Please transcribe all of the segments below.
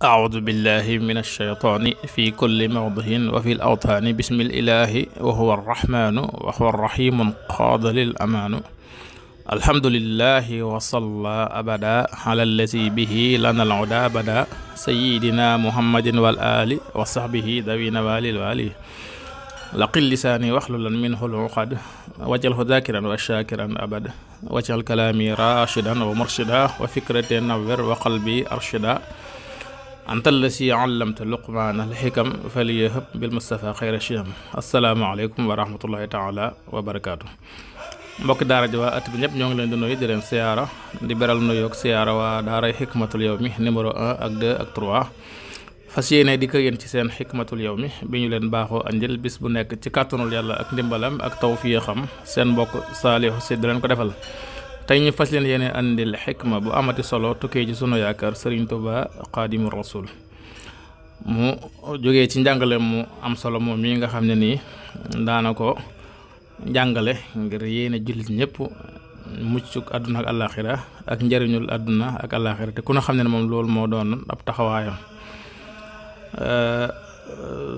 aaudu billahi min alcheytaani fi kulli mawdihin wa fi l awtaani bismi lilahi wa huwa arrahmaanu wa huwa arrahimu qaada lil amaanu alhamdulilahi wa salla abada ala allazi bihi lana alhuda bada sayidina muhammadin wal ali wa sahbihi dawi nawalil wali laqil lisaani waxlulan minhu luqad waj'alhu zakiran wa shakiran abad waj'al kalaami rashidan wa murshida wa fikrati nawwir wa qalbi arshida la allasi allamta luqmaana alxikam faliyahab bil mustafa xayra shiyam asalaamaaleykum wa rahmatullahi taala wa barakaatu mbokki daara ji waa at bi ñëpp ñoo ngi leen di nuyu di leen siyaara di beral nuyoog siyaara waa daaray xikmatul yow mi numéro 1 ak 2 ak 3 fas yéene di ko yéen ci seen xikmatul yow mi bi ñu leen baaxoo andil bis bu nekk ci kàttanul yàlla ak ndimbalam ak tawfiixam seen mbokk saalihu si di leen ko defal tey ñu fas leen yéene andil xikma bu amati solo tukkee ci sunu yaakaar sëriñ Tuuba xaadimu rasul mu jógee ci njàngale mu am solo moom mi nga xam ne nii daana ko njàngale ngir yéene jullit ñëpp muccuk àdduna ak àllaaxira ak njëriñul àdduna ak àllaaxira te ku na xam ne moom loolu moo doon ab taxawaayam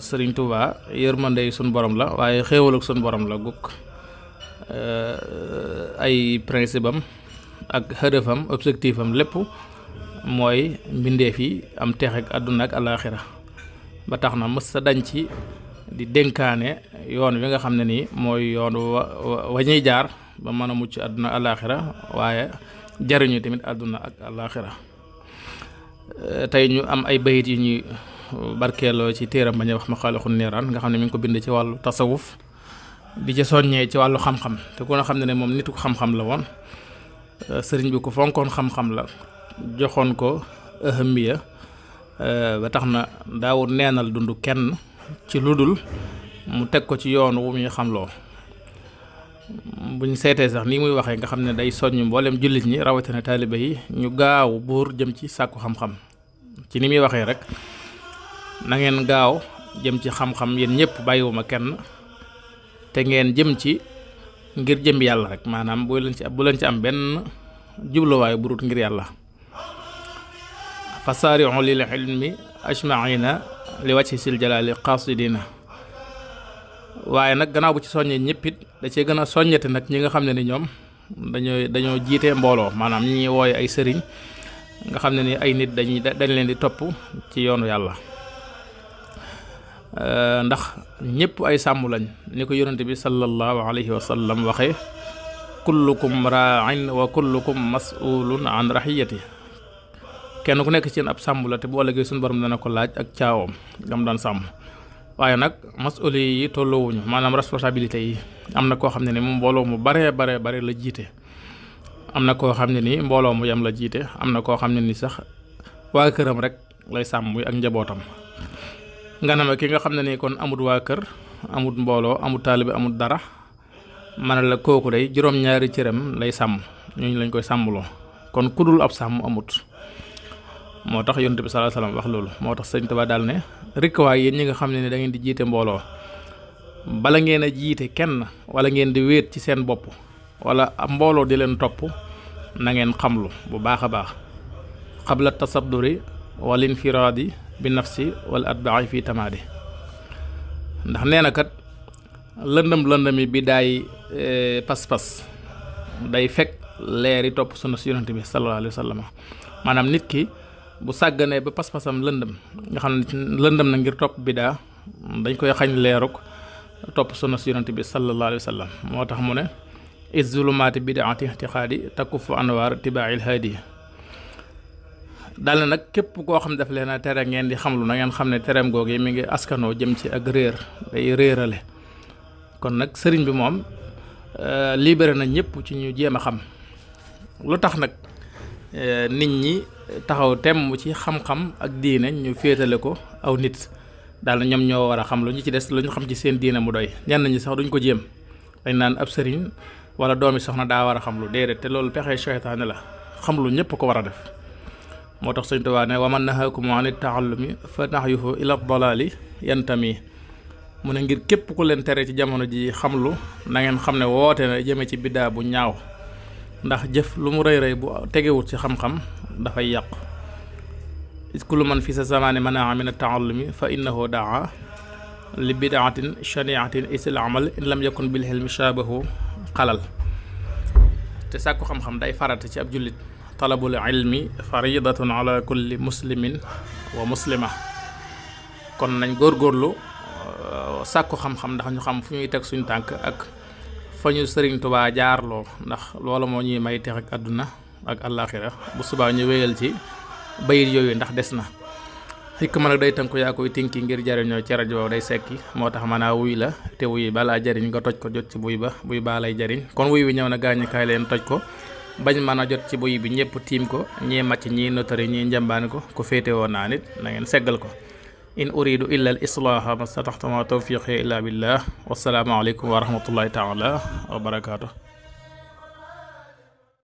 sëriñ Tuuba yërmande yi sunu borom la waaye xéewal ak sunu borom la gukk Euh, ay principe am ak xërëfam objectif am lépp mooy mbindeef yi am teex ak àdduna ak alaaxira ba tax na mës sa dañ ci di dénkaane yoon wi nga xam ne nii mooy yoon wa ñuy jaar ba mën a mucc àdduna alaaxira waaye jariñu tamit àdduna ak alaaxira euh, tey ñu am ay bayit yu ñuy barkeeloo ci téeram ba ñuy wax ma xaalixu niiraan nga xam ne mi ngi ko bind ci wàllu tasawuf di ca soññee ci wàllu xam-xam te ku na xam ne ne moom nitu xam-xam la woon euh, sëriñ bi ko fonkoon xam-xam la joxoon ko ahamiya euh, ba tax na daawul neenal dund kenn ci lu dul mu teg ko ci yoonu wu muy xamloo buñ seetee sax ni muy waxee nga xam ne day soññ mboolem jullit ñi rawatina taalibe yi ñu gaaw buur jëm ci sàkku xam-xam ci ni muy waxee rek na ngeen gaaw jëm ci xam-xam yéen ñëpp bàyyiwuma kenn te ngeen jëm ci ngir jëm yàlla rek maanaam bu leen ci bu leen ci am benn jubluwaay bu rut ngir yàlla fasaariu lil ilmi ajmaina li si sil jalaali qasidina waaye nag gannaaw bu ci soññee ñëppit da cee gën a soññete nag ñi nga xam ne ni ñoom dañoo dañoo jiite mbooloo maanaam ñi ñuy wooye ay sëriñ nga xam ne ni ay nit dañuy dañ leen di topp ci yoonu yàlla Euh, ndax ñëpp ay sàmm lañ ni ko yonente bi sallallahu alayhi wa waxe waxee kullukum raain wa kullukum masulun an rahiyati kenn ku nekk ci yéen ab sàmm la te bu ëllëgee suñu borom dana ko laaj ak caawam lam daan sàmm waaye nag masuli yi tolloowuñu maanaam responsabilité yi am na koo xam ne ni moom mbooloo mu baree baree bare la jiite am na koo xam ne nii mbooloo mu yam la jiite am na koo xam ne nii sax waa këram rek lay sàmm ak njabootam nga ne ma ki nga xam ne ni kon amut waa kër amut mbooloo amut taalibe amut dara man la kooku day juróom-ñaari cëram lay sàmm ñooñu lañ koy sàmmuloo kon ku dul ab sàmm amut moo tax yonent bi sallallahu alayhi wax loolu moo tax sëñ Tuubaa daal ne rikk waay yéen ñi nga xam ne ni da ngeen di jiite mbooloo bala ngeen a jiite kenn wala ngeen di wéet ci seen bopp wala mbooloo di leen topp na ngeen xamlu bu baax a baax xabla tasabduri wal infiraadi bi nafsi wala atbaai fii tamaadi ndax nee na kat lëndëm lëndëmi bi daay e, pas-pas day fekk leeri topp sunna si yonante bi sallallahu alayhi wa sallam maanaam nit ki bu sàgganee ba pas-pasam lëndëm nga xam ne lëndëm na ngir topp bidaa dañ koy xañ leeruk topp sunna si yonante bi sallallahu alayhi wa sallam moo tax mu ne izulumaati bidaati itiqaadi takufu anwaar tibaa'il haadi daal na nag képp koo xam daf leen a tere ngeen di xamlu na ngeen xam ne tereem googu yi mi ngi askanoo jëm ci ak réer day réerale kon nag sëriñ bi moom euh, libéré na ñëpp ci ñu jéem a xam lu tax nag euh, nit ñi taxaw temm ci xam-xam ak diine ñu féetale ko aw nit daal na ñoom ñoo war a xam lu ñu ci des lu ñu xam ci seen diine mu doy ñenn ñi sax duñ ko jéem dañ naan ab sëriñ wala doomi soxna daa war a xam lu déedéet te loolu pexe seytaane la xam lu ñëpp ko war a def. moo tax sëñ Tuubaa ne na man nahakum ani taallumi fa nahyuhu ila dalaali yantami mu ne ngir képp ku leen tere ci jamono ji xamlu na ngeen xam ne woote na jëme ci biddaa bu ñaaw ndax jëf lu mu rey rëy bu tegewut ci xam-xam dafay yàqu lu man fi sa zamaani manaa min taallumi fa innahu daa li bidaatin shaniatin isil amal in lam yakun bil xilmi shaabahu xalal te sàkku xam-xam day farata ci ab jullit talabul ilmi faridatun ala kulli muslimin wa muslima kon nañ góorgóorlu euh, sàkku xam-xam ndax ñu xam fu ñuy teg suñu tànk ak fa ñu sëriñ tubaa jaarloo ndax loola moo ñuy may tex ak àdduna ak àllaaxira bu subaa ñu wéyal ci bayit yooyu ndax des na ma nag day tënku yaa koy tinki ngir jariñoo ci rajo day sekki moo tax mën a wuy la te wuy balaa jariñ nga toj ko jot ci buy ba buy baa lay jariñ kon wuy wi ñëw na gaañukaay leen toj ko bañ ma na jot ci buy bi ñëpp tiim ko ñii màcc ñii notari ñii njàmbaane ko ko féete woon naa nit na seggal ko in uridu illa al islaaha ma stataxtama tawfiqi illa billah wasalaamu aleykum wa rahmatullahi taala